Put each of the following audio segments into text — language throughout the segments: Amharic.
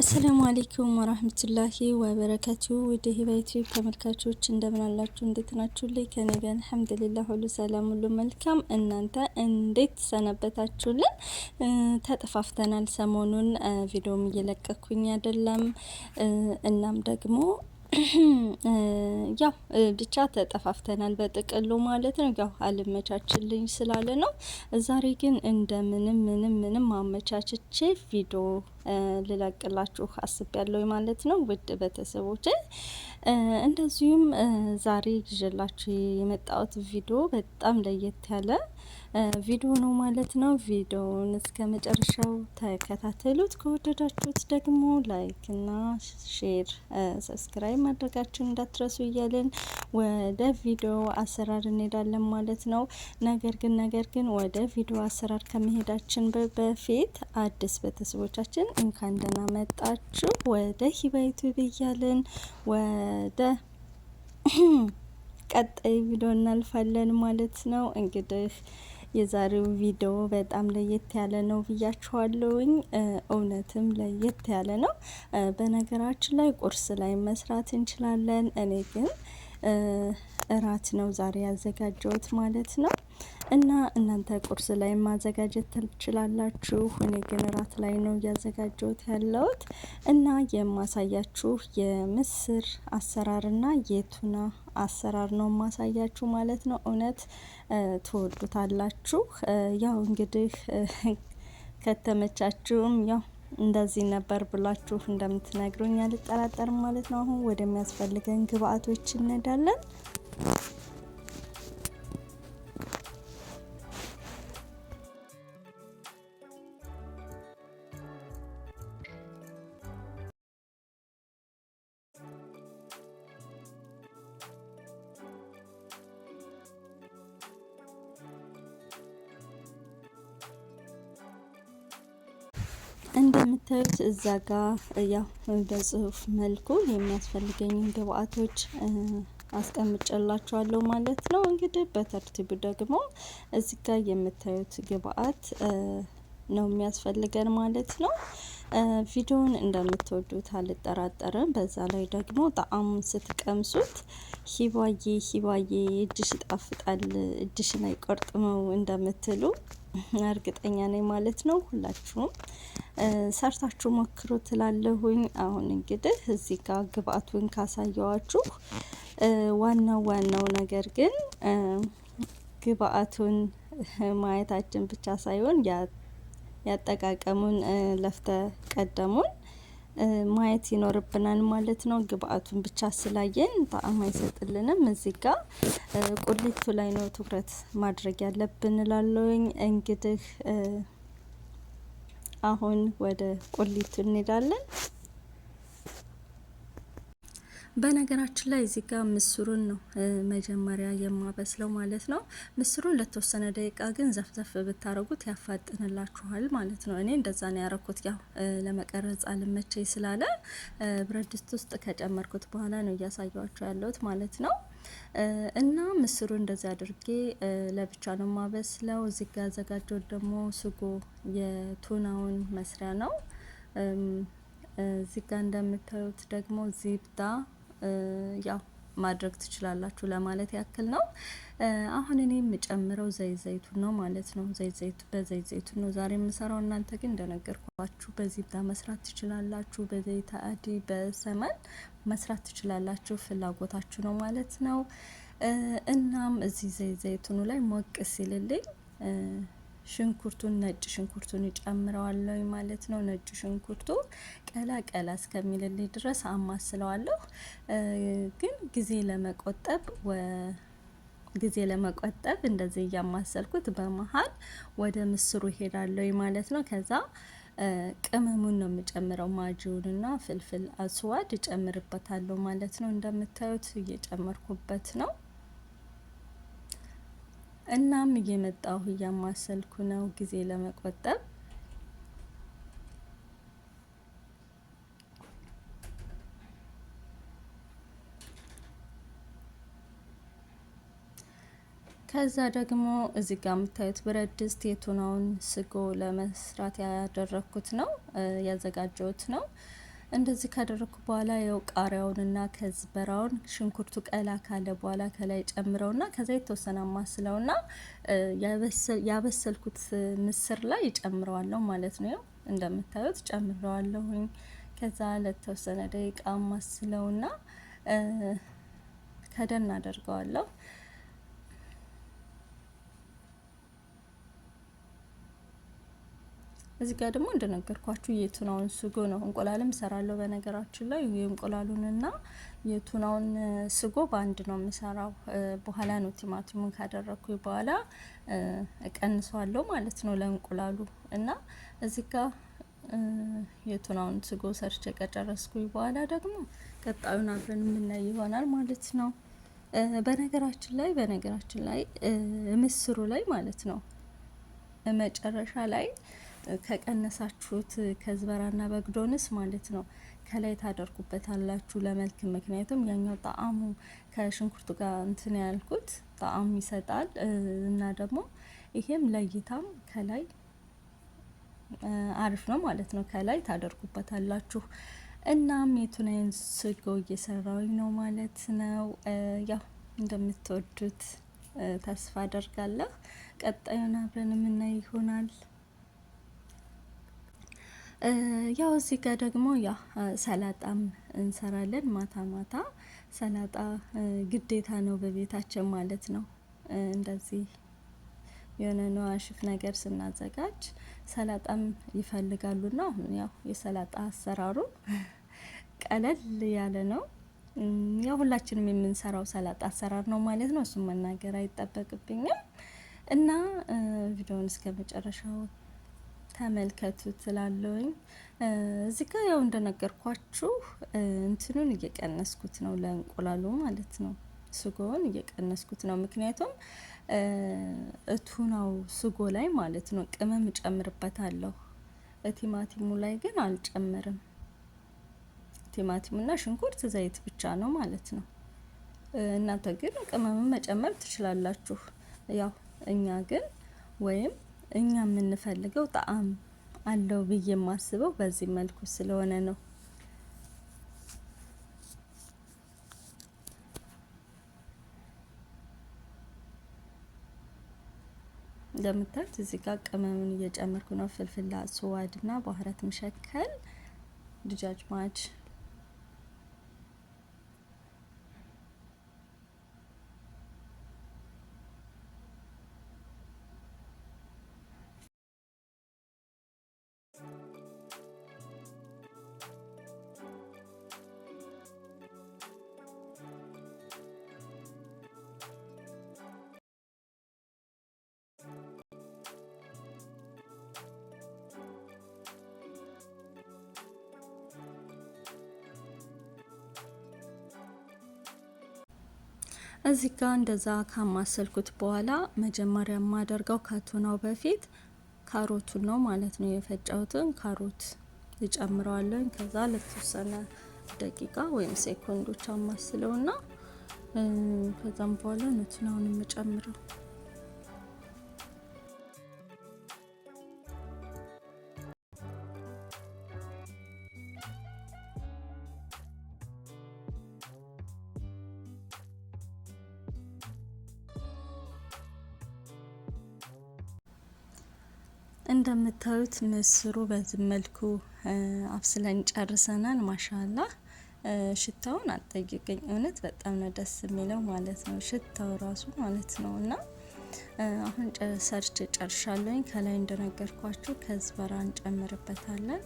አሰላሙ አሌይኩም ወራህመቱላሂ ወበረካቱ። ወደ ሂባ ዩቲዩብ ተመልካቾች እንደምን አላችሁ? እንዴት ናችሁ? ላይ ከኔ ጋር አልሐምዱሊላህ ሁሉ ሰላም፣ ሁሉ መልካም። እናንተ እንዴት ሰነበታችሁልን? ተጠፋፍተናል። ሰሞኑን ቪዲዮም እየለቀኩኝ አይደለም። እናም ደግሞ ያው ብቻ ተጠፋፍተናል በጥቅሉ ማለት ነው። ያው አልመቻችልኝ ስላለ ነው። ዛሬ ግን እንደምንም ምንም ምንም አመቻችቼ ቪዲዮ ልለቅላችሁ አስቤያለሁ ማለት ነው። ውድ ቤተሰቦች እንደዚሁም ዛሬ ይዤላችሁ የመጣሁት ቪዲዮ በጣም ለየት ያለ ቪዲዮ ነው ማለት ነው። ቪዲዮውን እስከ መጨረሻው ተከታተሉት። ከወደዳችሁት ደግሞ ላይክና ሼር፣ ሰብስክራይብ ማድረጋችሁን እንዳትረሱ እያለን ወደ ቪዲዮ አሰራር እንሄዳለን ማለት ነው። ነገር ግን ነገር ግን ወደ ቪዲዮ አሰራር ከመሄዳችን በፊት አዲስ ቤተሰቦቻችን እንኳን ደህና መጣችሁ ወደ ሂባይቱ ብያለን። ወደ ቀጣይ ቪዲዮ እናልፋለን ማለት ነው። እንግዲህ የዛሬው ቪዲዮ በጣም ለየት ያለ ነው ብያችኋለሁኝ። እውነትም ለየት ያለ ነው። በነገራችን ላይ ቁርስ ላይ መስራት እንችላለን። እኔ ግን እራት ነው ዛሬ ያዘጋጀሁት ማለት ነው። እና እናንተ ቁርስ ላይ ማዘጋጀት ትችላላችሁ። እኔ ግን ራት ላይ ነው እያዘጋጀሁት ያለሁት እና የማሳያችሁ የምስር አሰራርና የቱና አሰራር ነው ማሳያችሁ ማለት ነው። እውነት ትወዱታላችሁ። ያው እንግዲህ ከተመቻችሁም ያው እንደዚህ ነበር ብላችሁ እንደምትነግሩኝ አልጠራጠርም ማለት ነው። አሁን ወደሚያስፈልገን ግብአቶች እንሄዳለን። እንደምታዩት እዛ ጋ ያው በጽሁፍ መልኩ የሚያስፈልገኝን ግብአቶች አስቀምጨላችኋለሁ ማለት ነው። እንግዲህ በተርቲቡ ደግሞ እዚህ ጋር የምታዩት ግብአት ነው የሚያስፈልገን ማለት ነው። ቪዲዮውን እንደምትወዱት አልጠራጠርም። በዛ ላይ ደግሞ ጣዕሙን ስትቀምሱት ሂባዬ ሂባዬ እጅሽ ይጣፍጣል እጅሽን አይቆርጥመው እንደምትሉ እርግጠኛ ነኝ ማለት ነው። ሁላችሁም ሰርታችሁ ሞክሩ ትላለሁኝ። አሁን እንግዲህ እዚህ ጋር ግብአቱን ካሳየዋችሁ ዋናው ዋናው ነገር ግን ግብአቱን ማየታችን ብቻ ሳይሆን ያጠቃቀሙን ለፍተ ቀደሙን ማየት ይኖርብናል ማለት ነው። ግብአቱን ብቻ ስላየን ጣዕም አይሰጥልንም። እዚህ ጋ ቁሊቱ ላይ ነው ትኩረት ማድረግ ያለብን እላለሁኝ። እንግዲህ አሁን ወደ ቁሊቱ እንሄዳለን። በነገራችን ላይ እዚህ ጋር ምስሩን ነው መጀመሪያ የማበስለው ማለት ነው። ምስሩን ለተወሰነ ደቂቃ ግን ዘፍዘፍ ብታረጉት ያፋጥንላችኋል ማለት ነው። እኔ እንደዛ ነው ያረኩት። ያው ለመቀረጽ አልመቼ ስላለ ብረት ድስት ውስጥ ከጨመርኩት በኋላ ነው እያሳየዋቸው ያለሁት ማለት ነው። እና ምስሩ እንደዚህ አድርጌ ለብቻ ነው ማበስለው። እዚህ ጋር ያዘጋጀው ደግሞ ስጎ የቱናውን መስሪያ ነው። እዚህ ጋር እንደምታዩት ደግሞ ዚብጣ ያው ማድረግ ትችላላችሁ ለማለት ያክል ነው። አሁን እኔ የምጨምረው ዘይት ዘይቱን ነው ማለት ነው። ዘይት ዘይቱ በዘይት ዘይቱን ነው ዛሬ የምሰራው። እናንተ ግን እንደነገርኳችሁ በዚብዳ መስራት ትችላላችሁ። በዘይት አዲ በሰመን መስራት ትችላላችሁ። ፍላጎታችሁ ነው ማለት ነው። እናም እዚህ ዘይት ዘይቱኑ ላይ ሞቅ ሲልልኝ ሽንኩርቱን ነጭ ሽንኩርቱን ይጨምረዋለሁ ማለት ነው። ነጭ ሽንኩርቱ ቀላ ቀላ እስከሚልልኝ ድረስ አማስለዋለሁ። ግን ጊዜ ለመቆጠብ ጊዜ ለመቆጠብ እንደዚህ እያማሰልኩት በመሀል ወደ ምስሩ ይሄዳለሁ ማለት ነው። ከዛ ቅመሙን ነው የምጨምረው። ማጂውንና ፍልፍል አስዋድ እጨምርበታለሁ ማለት ነው። እንደምታዩት እየጨመርኩበት ነው። እናም እየመጣሁ እያማሰልኩ ነው ጊዜ ለመቆጠብ ከዛ ደግሞ እዚህ ጋር የምታዩት ብረት ድስት የቱናውን ስጎ ለመስራት ያደረግኩት ነው ያዘጋጀሁት ነው። እንደዚህ ካደረግኩ በኋላ ያው ቃሪያውንና ከዝበራውን ሽንኩርቱ ቀላ ካለ በኋላ ከላይ ጨምረውና ከዛ የተወሰነ ማስለውና ያበሰልኩት ምስር ላይ ጨምረዋለሁ ማለት ነው። ያው እንደምታዩት ጨምረዋለሁኝ። ከዛ ለተወሰነ ደቂቃ ማስለውና ከደን አደርገዋለሁ። እዚህ ጋር ደግሞ እንደነገርኳችሁ የቱናውን ስጎ ነው። እንቁላልም እሰራለሁ በነገራችን ላይ የእንቁላሉንና የቱናውን ስጎ በአንድ ነው የምሰራው። በኋላ ነው ቲማቲሙን ካደረግኩ በኋላ እቀንሰዋለሁ ማለት ነው ለእንቁላሉ እና እዚህ ጋር የቱናውን ስጎ ሰርቼ ከጨረስኩ በኋላ ደግሞ ቀጣዩን አብረን የምናይ ይሆናል ማለት ነው። በነገራችን ላይ በነገራችን ላይ ምስሩ ላይ ማለት ነው መጨረሻ ላይ ከቀነሳችሁት ከዝበራና በግዶንስ ማለት ነው ከላይ ታደርጉበታላችሁ ለመልክ። ምክንያቱም ያኛው ጣዕሙ ከሽንኩርቱ ጋር እንትን ያልኩት ጣዕም ይሰጣል እና ደግሞ ይሄም ለእይታም ከላይ አሪፍ ነው ማለት ነው። ከላይ ታደርጉበታላችሁ። እናም የቱናይን ስጎ እየሰራሁኝ ነው ማለት ነው። ያው እንደምትወዱት ተስፋ አደርጋለሁ። ቀጣዩን አብረን የምናይ ይሆናል። ያው እዚህ ጋር ደግሞ ያ ሰላጣም እንሰራለን። ማታ ማታ ሰላጣ ግዴታ ነው በቤታችን ማለት ነው። እንደዚህ የሆነ ነዋሽፍ ነገር ስናዘጋጅ ሰላጣም ና ያው የሰላጣ አሰራሩ ቀለል ያለ ነው። ያው ሁላችንም የምንሰራው ሰላጣ አሰራር ነው ማለት ነው። እሱም መናገር አይጠበቅብኝም እና ቪዲዮውን እስከ መጨረሻው ተመልከቱት እላለሁኝ። እዚህ ጋር ያው እንደነገርኳችሁ እንትኑን እየቀነስኩት ነው ለእንቁላሉ ማለት ነው። ስጎውን እየቀነስኩት ነው ምክንያቱም እቱናው ስጎ ላይ ማለት ነው ቅመም እጨምርበታለሁ። ቲማቲሙ ላይ ግን አልጨምርም። ቲማቲሙና ሽንኩርት ዘይት ብቻ ነው ማለት ነው። እናንተ ግን ቅመምን መጨመር ትችላላችሁ። ያው እኛ ግን ወይም እኛ የምንፈልገው ጣዕም አለው ብዬ የማስበው በዚህ መልኩ ስለሆነ ነው። እንደምታዩት እዚህ ጋር ቅመሙን እየጨመርኩ ነው። ፍልፍላ ስዋድ እና ባህረት መሸከል ድጃጅ እዚህ ጋ እንደዛ ካማሰልኩት በኋላ መጀመሪያ የማደርገው ከቱናው በፊት ካሮቱን ነው ማለት ነው። የፈጨሁትን ካሮት ይጨምረዋለን። ከዛ ለተወሰነ ደቂቃ ወይም ሴኮንዶች አማስለውና ከዛም በኋላ ነው የምጨምረው። እንደምታዩት ምስሩ በዚህ መልኩ አብስለን ጨርሰናል። ማሻላ ሽታውን አጠይቀኝ። እውነት በጣም ነው ደስ የሚለው ማለት ነው። ሽታው ራሱ ማለት ነው እና አሁን ሰርቼ ጨርሻለኝ። ከላይ እንደነገርኳችሁ ከዝበራ እንጨምርበታለን።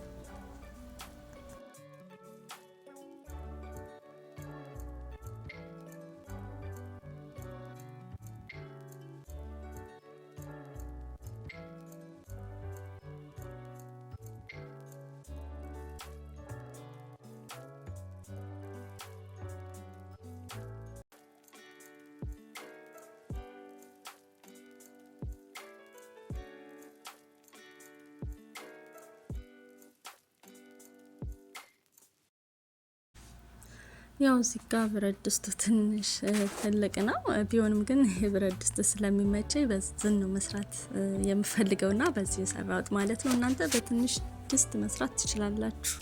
ያው እዚህ ጋ ብረት ድስቱ ትንሽ ትልቅ ነው። ቢሆንም ግን ይሄ ብረት ድስት ስለሚመቸኝ በዝን ነው መስራት የምፈልገውና በዚህ የሰራሁት ማለት ነው። እናንተ በትንሽ ድስት መስራት ትችላላችሁ።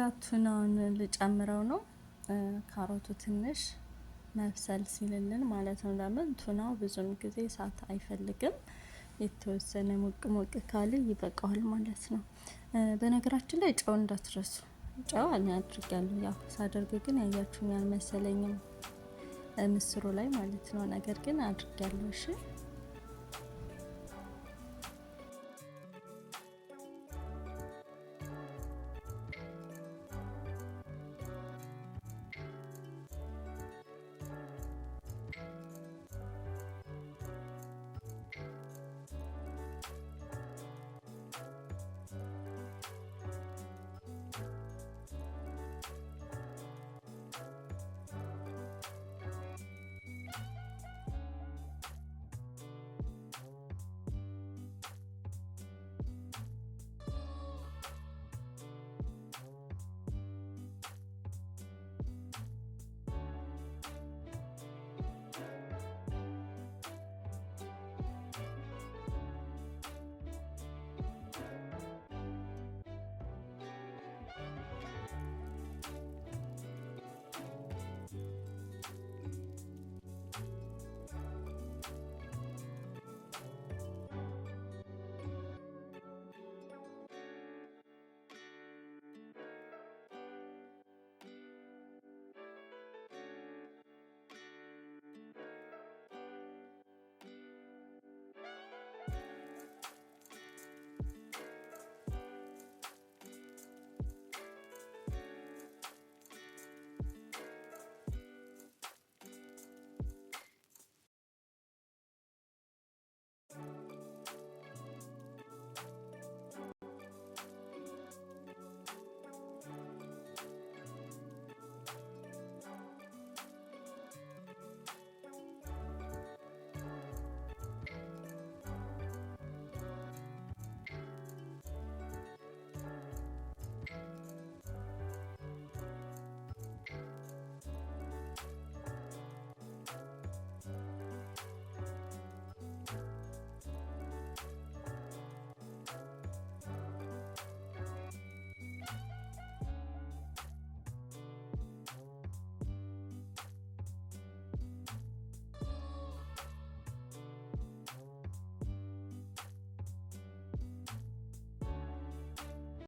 ጋር ቱናውን ልጨምረው ነው። ካሮቱ ትንሽ መብሰል ሲልልን ማለት ነው። ለምን ቱናው ብዙም ጊዜ እሳት አይፈልግም። የተወሰነ ሞቅ ሞቅ ካለ ይበቃዋል ማለት ነው። በነገራችን ላይ ጨው እንዳትረሱ። ጨው እኔ አድርጊያለሁ። ያው ሳደርግ ግን ያያችሁኝ አልመሰለኝም ምስሩ ላይ ማለት ነው። ነገር ግን አድርጊያለሁ። እሺ